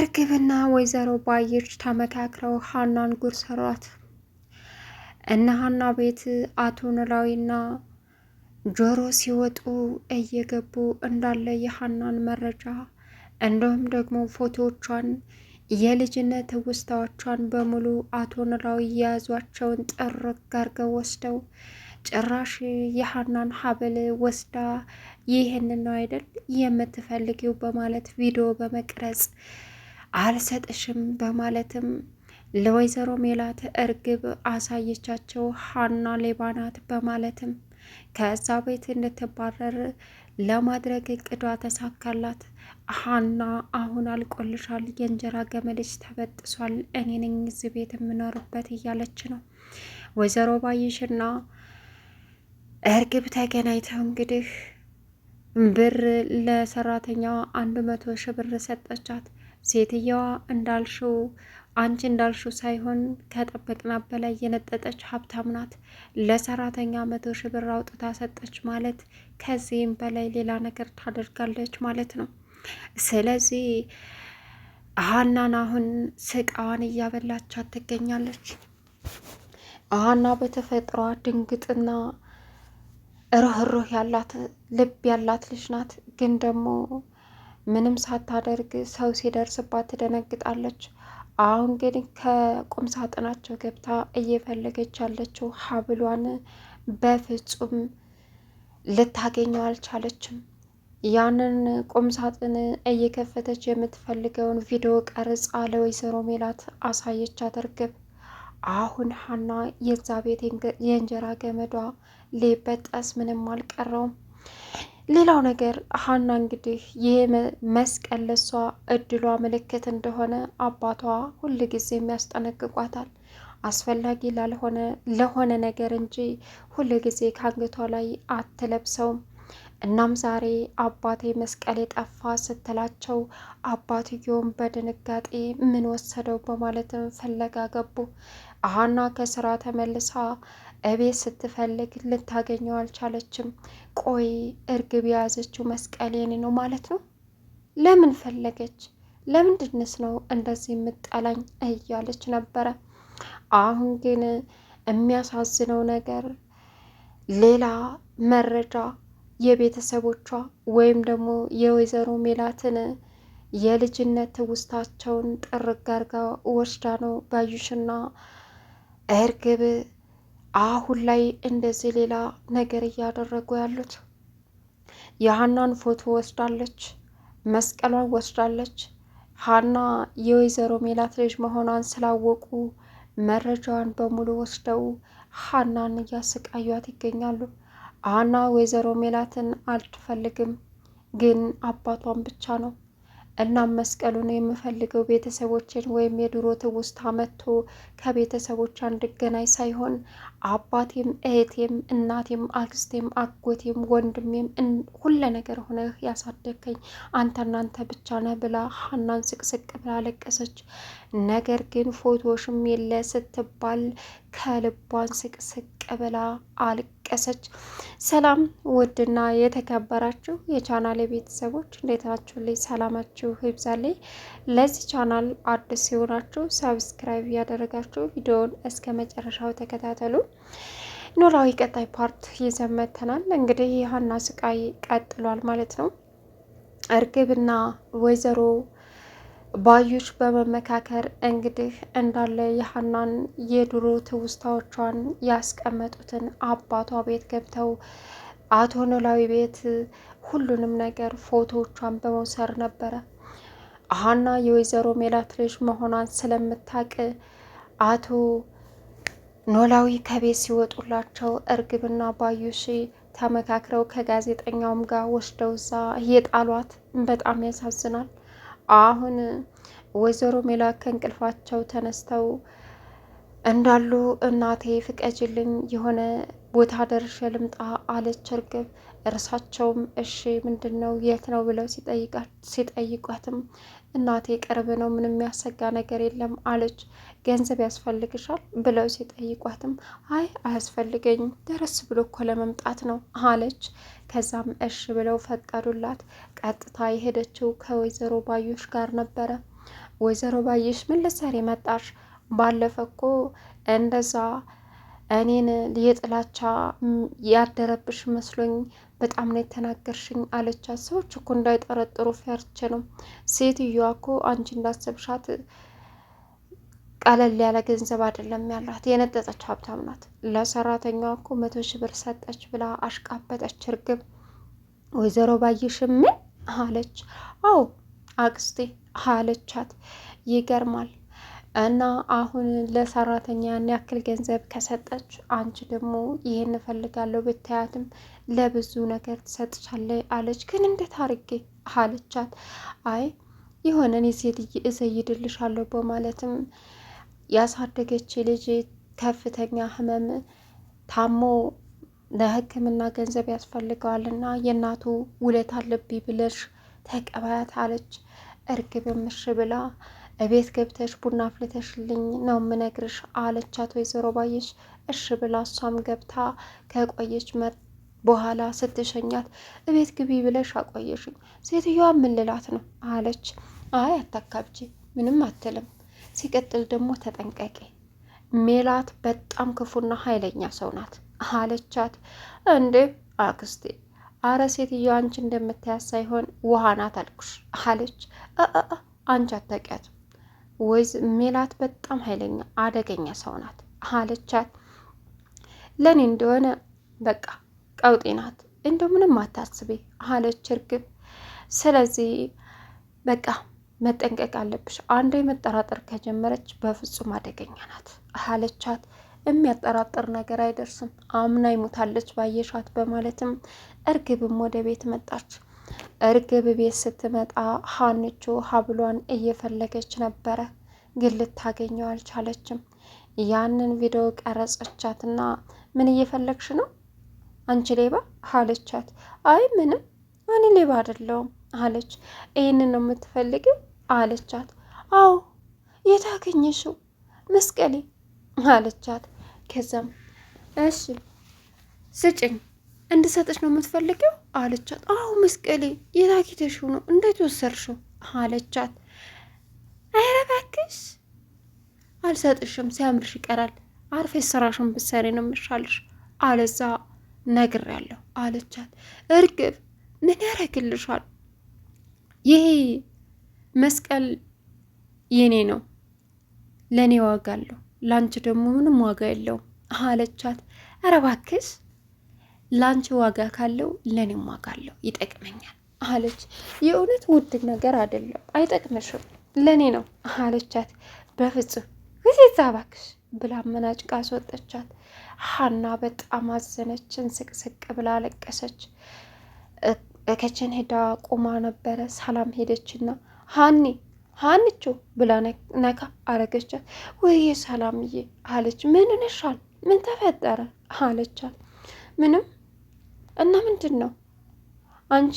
እርግብና ወይዘሮ ባየች ተመካክረው ሀናን ጉር ሰሯት። እነ ሀና ቤት አቶ ኖላዊና ጆሮ ሲወጡ እየገቡ እንዳለ የሀናን መረጃ እንዲሁም ደግሞ ፎቶዎቿን የልጅነት ውስታዎቿን በሙሉ አቶ ኖላዊ የያዟቸውን ጥርግ አርገው ወስደው ጭራሽ የሀናን ሀብል ወስዳ ይህንን ነው አይደል የምትፈልጊው በማለት ቪዲዮ በመቅረጽ አልሰጥሽም በማለትም ለወይዘሮ ሜላት እርግብ አሳየቻቸው። ሀና ሌባ ናት በማለትም ከዛ ቤት እንድትባረር ለማድረግ እቅዷ ተሳካላት። ሀና አሁን አልቆልሻል፣ የእንጀራ ገመድሽ ተበጥሷል፣ እኔን እዚህ ቤት የምኖርበት እያለች ነው። ወይዘሮ ባይሽና እርግብ ተገናኝተው እንግዲህ ብር ለሰራተኛ አንድ መቶ ሺህ ብር ሰጠቻት። ሴትየዋ እንዳልሽው አንቺ እንዳልሽው ሳይሆን ከጠበቅናት በላይ የነጠጠች ሀብታም ናት። ለሰራተኛ መቶ ሺ ብር አውጥታ ሰጠች ማለት ከዚህም በላይ ሌላ ነገር ታደርጋለች ማለት ነው። ስለዚህ ሀናን አሁን ስቃዋን እያበላቻት ትገኛለች። ሀና በተፈጥሯ ድንግጥና ርህሩህ ያላት ልብ ያላት ልጅ ናት ግን ደግሞ ምንም ሳታደርግ ሰው ሲደርስባት ትደነግጣለች። አሁን ግን ከቁም ሳጥናቸው ገብታ እየፈለገች ያለችው ሀብሏን በፍጹም ልታገኘው አልቻለችም። ያንን ቁም ሳጥን እየከፈተች የምትፈልገውን ቪዲዮ ቀርጻ ለወይዘሮ ሜላት አሳየች አደርግብ። አሁን ሀና የዛ ቤት የእንጀራ ገመዷ ሊበጠስ ምንም አልቀረውም። ሌላው ነገር ሀና እንግዲህ ይህ መስቀል ለሷ እድሏ ምልክት እንደሆነ አባቷ ሁል ጊዜም ያስጠነቅቋታል። አስፈላጊ ላልሆነ ለሆነ ነገር እንጂ ሁል ጊዜ ከአንገቷ ላይ አትለብሰውም። እናም ዛሬ አባቴ መስቀሌ ጠፋ ስትላቸው አባትየውም በድንጋጤ ምን ወሰደው በማለትም ፍለጋ ገቡ። አሀና ከስራ ተመልሳ እቤት ስትፈልግ ልታገኘው አልቻለችም። ቆይ እርግብ የያዘችው መስቀሌን ነው ማለት ነው? ለምን ፈለገች? ለምንድንስ ነው እንደዚህ የምጠላኝ? እያለች ነበረ። አሁን ግን የሚያሳዝነው ነገር ሌላ መረጃ የቤተሰቦቿ ወይም ደግሞ የወይዘሮ ሜላትን የልጅነት ውስታቸውን ጥርግ አርጋ ወስዳ ነው ባዩሽና እርግብ አሁን ላይ እንደዚህ ሌላ ነገር እያደረጉ ያሉት። የሀናን ፎቶ ወስዳለች፣ መስቀሏን ወስዳለች። ሀና የወይዘሮ ሜላት ልጅ መሆኗን ስላወቁ መረጃዋን በሙሉ ወስደው ሀናን እያሰቃዩት ይገኛሉ። አና ወይዘሮ ሜላትን አልፈልግም፣ ግን አባቷን ብቻ ነው። እናም መስቀሉን የምፈልገው ቤተሰቦችን ወይም የድሮ ትውስታ መጥቶ ከቤተሰቦች እንድገናኝ ሳይሆን አባቴም፣ እህቴም፣ እናቴም፣ አክስቴም፣ አጎቴም፣ ወንድሜም ሁለ ነገር ሆነህ ያሳደግከኝ አንተ እናንተ ብቻ ነህ ብላ ሀናን ስቅስቅ ብላ ለቀሰች። ነገር ግን ፎቶሽም የለ ስትባል ከልቧን ስቅስቅ ብላ አልቀሰች። ሰላም ውድና የተከበራችሁ የቻናል ቤተሰቦች እንዴታችሁ ላይ ሰላማችሁ ይብዛልኝ። ለዚህ ቻናል አዲስ ሲሆናችሁ ሰብስክራይብ እያደረጋችሁ ቪዲዮውን እስከ መጨረሻው ተከታተሉ። ኖላዊ ቀጣይ ፓርት ይዘን መጥተናል። እንግዲህ የሀና ስቃይ ቀጥሏል ማለት ነው። እርግብና ወይዘሮ ባዩሽ በመመካከር እንግዲህ እንዳለ የሀናን የድሮ ትውስታዎቿን ያስቀመጡትን አባቷ ቤት ገብተው አቶ ኖላዊ ቤት ሁሉንም ነገር ፎቶዎቿን በመውሰር ነበረ። ሀና የወይዘሮ ሜላት ልጅ መሆኗን ስለምታቅ አቶ ኖላዊ ከቤት ሲወጡላቸው እርግብና ባዩሽ ተመካክረው ከጋዜጠኛውም ጋር ወስደው እዛ የጣሏት በጣም ያሳዝናል። አሁን ወይዘሮ ሜላት ከእንቅልፋቸው ተነስተው እንዳሉ እናቴ ፍቀጅልኝ የሆነ ቦታ ደርሼ ልምጣ አለች እርግብ። እርሳቸውም እሺ ምንድን ነው የት ነው ብለው ሲጠይቋትም እናቴ ቅርብ ነው፣ ምንም የሚያሰጋ ነገር የለም አለች። ገንዘብ ያስፈልግሻል ብለው ሲጠይቋትም አይ አያስፈልገኝም፣ ደረስ ብሎ እኮ ለመምጣት ነው አለች። ከዛም እሺ ብለው ፈቀዱላት። ቀጥታ የሄደችው ከወይዘሮ ባዩሽ ጋር ነበረ። ወይዘሮ ባዩሽ ምን ልትሰሪ መጣሽ? ባለፈ እኮ እንደዛ እኔን የጥላቻ ያደረብሽ መስሎኝ በጣም ነው የተናገርሽኝ አለቻት። ሰዎች እኮ እንዳይጠረጥሩ ፈርቼ ነው። ሴትዮዋ እኮ አንቺ እንዳሰብሻት ቀለል ያለ ገንዘብ አይደለም ያላት፣ የነጠጠች ሀብታም ናት። ለሰራተኛዋ እኮ መቶ ሺህ ብር ሰጠች ብላ አሽቃበጠች። እርግብ ወይዘሮ ባየሽም አለች። አዎ አክስቴ አለቻት። ይገርማል እና አሁን ለሰራተኛ ያን ያክል ገንዘብ ከሰጠች አንቺ ደግሞ ይሄን እፈልጋለሁ ብታያትም ለብዙ ነገር ትሰጥቻለች አለች። ግን እንዴት አርጌ አለቻት። አይ የሆነ እኔ ሴትዬ እዘይድልሻለሁ በማለትም ያሳደገች ልጅ ከፍተኛ ህመም ታሞ ለሕክምና ገንዘብ ያስፈልገዋል እና የእናቱ ውለታ አለብኝ ብለሽ ተቀባያት አለች። እርግብም እሺ ብላ እቤት ገብተሽ ቡና አፍልተሽልኝ ነው ምነግርሽ አለቻት ወይዘሮ ባየሽ። እሽ ብላ እሷም ገብታ ከቆየች በኋላ ስትሸኛት እቤት ግቢ ብለሽ አቆየሽኝ፣ ሴትዮዋ ምን ልላት ነው አለች። አይ አታካብጂ፣ ምንም አትልም። ሲቀጥል ደግሞ ተጠንቀቂ፣ ሜላት በጣም ክፉና ኃይለኛ ሰው ናት አለቻት። እንዴ አክስቴ አረ ሴትዮዋ አንቺ እንደምታያት ሳይሆን ውሃ ናት አልኩሽ አለች። አንቺ አታውቂያትም ወይዝ ሜላት በጣም ኃይለኛ አደገኛ ሰው ናት አለቻት። ለእኔ እንደሆነ በቃ ቀውጤ ናት እንደ ምንም አታስቢ አለች እርግብ። ስለዚህ በቃ መጠንቀቅ አለብሽ፣ አንዴ መጠራጠር ከጀመረች በፍጹም አደገኛ ናት አለቻት። የሚያጠራጥር ነገር አይደርስም፣ አምና ይሞታለች ባየሻት በማለትም እርግብም ወደ ቤት መጣች። እርግብ ቤት ስትመጣ ሀንቹ ሀብሏን እየፈለገች ነበረ፣ ግን ልታገኘው አልቻለችም። ያንን ቪዲዮ ቀረጸቻትና ምን እየፈለግሽ ነው አንቺ ሌባ አለቻት። አይ ምንም እኔ ሌባ አይደለሁም አለች። ይህንን ነው የምትፈልጊው አለቻት። አዎ የት አገኘሽው መስቀሌ አለቻት። ከዛም እሺ ስጭኝ እንድሰጥሽ ነው የምትፈልገው አለቻት። አዎ መስቀሌ የታኪተሽው ነው እንዴት ወሰርሽው አለቻት። ኧረ እባክሽ አልሰጥሽም፣ ሲያምርሽ ይቀራል። አርፌ ስራሽን ብትሰሪ ነው የምሻልሽ፣ አለዛ ነግሬያለሁ አለቻት። እርግብ ምን ያረግልሻል? ይሄ መስቀል የኔ ነው፣ ለእኔ ዋጋ አለው፣ ለአንቺ ደግሞ ምንም ዋጋ የለውም አለቻት። ኧረ እባክሽ ላንቺ ዋጋ ካለው ለእኔም ዋጋ አለው፣ ይጠቅመኛል አለች። የእውነት ውድ ነገር አይደለም አይጠቅምሽም፣ ለእኔ ነው አለቻት። በፍጹም እዚህ እባክሽ ብላ መናጭቃ አስወጠቻት። ሀና በጣም አዘነችን፣ ስቅስቅ ብላ አለቀሰች። እከችን ሄዳ ቆማ ነበረ። ሰላም ሄደችና ሀኒ ሀንቾ ብላ ነካ አረገቻት። ውዬ ሰላምዬ አለች። ምን ምን ተፈጠረ አለቻት። ምንም እና ምንድን ነው አንቺ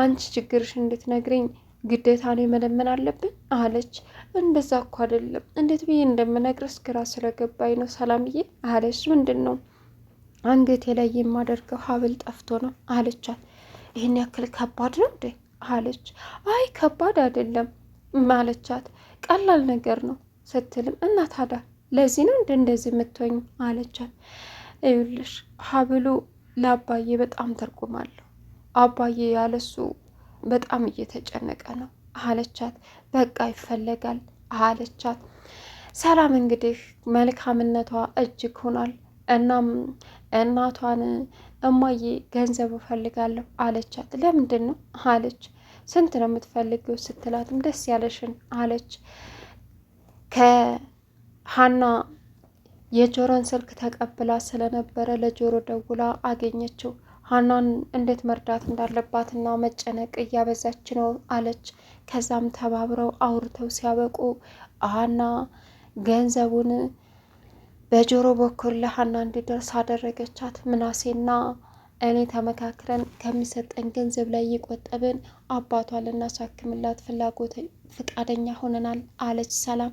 አንቺ እንዴት እንድትነግሪኝ ግዴታ ነው መለመን አለብን አለች። እንደዛ እኮ አይደለም እንዴት ብዬ እንደምነግርሽ ግራ ስለገባኝ ነው ሰላምዬ አለች። ምንድን ነው አንገቴ ላይ የማደርገው ሀብል ጠፍቶ ነው አለቻት። ይህን ያክል ከባድ ነው እንዴ አለች። አይ ከባድ አይደለም ማለቻት። ቀላል ነገር ነው ስትልም እና ታዲያ ለዚህ ነው እንደ እንደዚህ የምትወኝ አለቻት። እዩልሽ ሀብሉ ለአባዬ በጣም ተርጉማለሁ። አባዬ ያለሱ በጣም እየተጨነቀ ነው አለቻት። በቃ ይፈለጋል አለቻት። ሰላም እንግዲህ መልካምነቷ እጅግ ሆኗል። እናም እናቷን እማዬ ገንዘብ እፈልጋለሁ አለቻት። ለምንድን ነው አለች። ስንት ነው የምትፈልገው ስትላትም ደስ ያለሽን አለች ከሀና የጆሮን ስልክ ተቀብላ ስለነበረ ለጆሮ ደውላ አገኘችው። ሀናን እንዴት መርዳት እንዳለባትና መጨነቅ እያበዛች ነው አለች። ከዛም ተባብረው አውርተው ሲያበቁ ሀና ገንዘቡን በጆሮ በኩል ለሀና እንዲደርስ አደረገቻት። ምናሴና እኔ ተመካክረን ከሚሰጠን ገንዘብ ላይ እየቆጠብን አባቷ ልናሳክምላት ፍላጎት ፈቃደኛ ሆነናል አለች ሰላም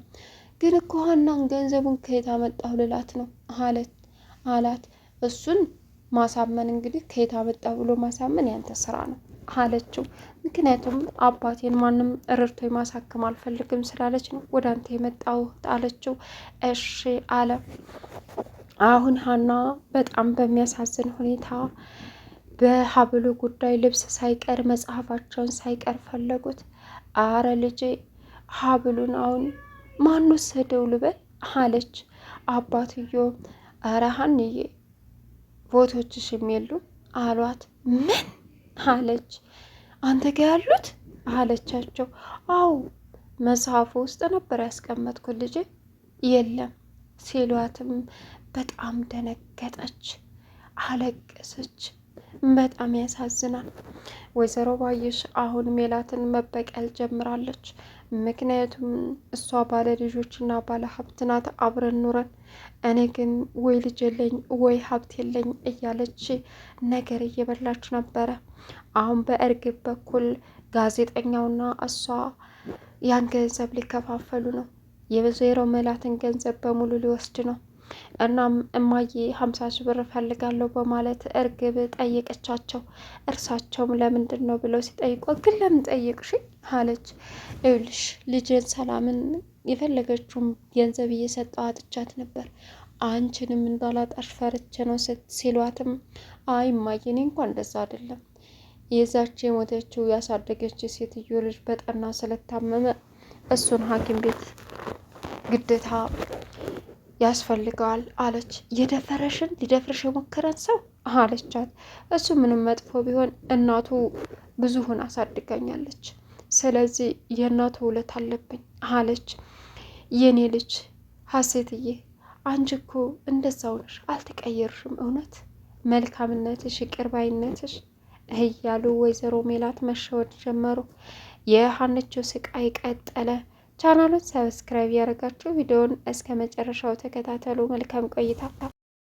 ግን እኮ ሀናን ገንዘቡን ከየት አመጣሁ ልላት ነው አለት አላት። እሱን ማሳመን እንግዲህ ከየት አመጣ ብሎ ማሳመን ያንተ ስራ ነው አለችው። ምክንያቱም አባቴን ማንም ረድቶ ማሳከም አልፈልግም ስላለች ነው ወደ አንተ የመጣው አለችው። እሺ አለ። አሁን ሀና በጣም በሚያሳዝን ሁኔታ በሀብሉ ጉዳይ ልብስ ሳይቀር መጽሐፋቸውን ሳይቀር ፈለጉት። አረ ልጄ ሀብሉን አሁን ማን ወሰደው ልበል አለች። አባትዮ ኧረ ቦቶችሽም የሉ አሏት። ምን አለች አንተ ጋ ያሉት አለቻቸው። አው መጽሐፉ ውስጥ ነበር ያስቀመጥኩት ልጅ የለም ሲሏትም በጣም ደነገጠች፣ አለቀሰች። በጣም ያሳዝናል። ወይዘሮ ባየሽ አሁን ሜላትን መበቀል ጀምራለች። ምክንያቱም እሷ ባለ ልጆችና ባለ ሀብት ናት፣ አብረን ኑረን እኔ ግን ወይ ልጅ የለኝ ወይ ሀብት የለኝ እያለች ነገር እየበላች ነበረ። አሁን በእርግብ በኩል ጋዜጠኛውና እሷ ያን ገንዘብ ሊከፋፈሉ ነው። የወይዘሮ ሜላትን ገንዘብ በሙሉ ሊወስድ ነው። እናም እማዬ ሀምሳ ሺ ብር እፈልጋለሁ በማለት እርግብ ጠየቀቻቸው። እርሳቸውም ለምንድን ነው ብለው ሲጠይቋት ግን ለምን ጠየቅሽ አለች። ይኸውልሽ ልጄን ሰላምን የፈለገችውም ገንዘብ እየሰጠው አጥቻት ነበር አንቺንም እንዳላጣሽ ፈርቼ ነው ሲሏትም፣ አይ እማዬ እኔ እንኳን እንደዛ አይደለም የዛች የሞተችው ያሳደገች ሴትዮ ልጅ በጠና ስለታመመ እሱን ሐኪም ቤት ግዴታ ያስፈልገዋል አለች። የደፈረሽን ሊደፍርሽ የሞከረን ሰው አለቻት። እሱ ምንም መጥፎ ቢሆን እናቱ ብዙ ሁን አሳድጋኛለች። ስለዚህ የእናቱ ውለት አለብኝ አለች። የኔ ልጅ ሀሴትዬ አንቺ እኮ እንደዛው ነሽ፣ አልተቀየርሽም። እውነት መልካምነትሽ፣ ይቅር እያሉ ወይዘሮ ሜላት መሸወድ ጀመሩ። የሀንቾ ስቃይ ቀጠለ። ቻናሉን ሰብስክራይብ ያደረጋችሁ ቪዲዮን እስከ መጨረሻው ተከታተሉ። መልካም ቆይታ።